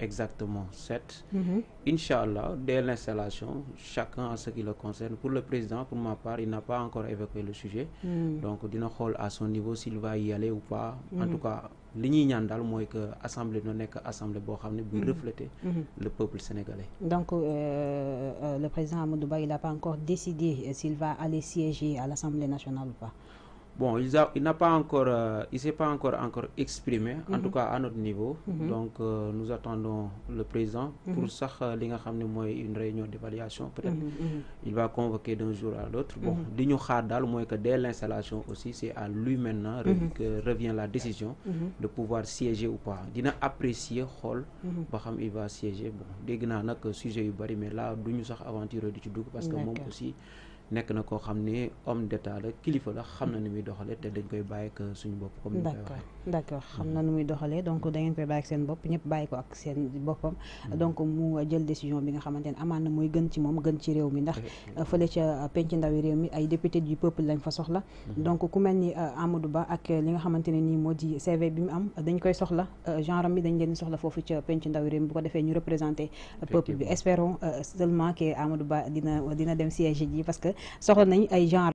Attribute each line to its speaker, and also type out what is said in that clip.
Speaker 1: exactement sept. Mm Inch'Allah, dès l'installation, chacun à ce qui le concerne. Pour le président, pour ma part, il n'a pas encore évoqué le sujet. Mhm. Donc, Dina à son niveau s'il va y aller ou pas. En mhm. tout cas, li moi que l'Assemblée assemblée mhm. refléter le peuple sénégalais
Speaker 2: donc euh, euh, le président Amoudouba, il n'a pas encore décidé euh, s'il va aller siéger à l'assemblée nationale ou pas
Speaker 1: Bon, il, a, il n'a pas encore, euh, il s'est pas encore encore exprimé, en mhm. tout cas à notre niveau. Mhm. Donc, euh, nous attendons le président pour mm -hmm. ça. une réunion d'évaluation peut-être. Mhm, il va convoquer d'un jour à l'autre. Bon, moins que dès l'installation aussi, c'est à lui maintenant que revient la décision de pouvoir siéger ou pas. Dina apprécier Hall, il va siéger. Bon, dès que sujet mais là, nous avons aventuré du parce que moi aussi nek na ko xamné homme d'état la kilifa la ni muy dañ koy suñu comme d'accord
Speaker 2: d'accord mm-hmm. muy donc da ngeen koy baye ko ak mm-hmm. donc mu jël décision bi nga amana moy gën ci mom gën ci réew mi ndax mm-hmm. feulé ci penc nous réew mi ay député du peuple lañ fa soxla donc ku melni euh, Amadou Ba ak li nga CV bi mu am dañ koy soxla euh, mi dañ leen soxla penc réew bu euh, peuple espérons seulement que Amadou Ba siège parce que soxla nañ ay genre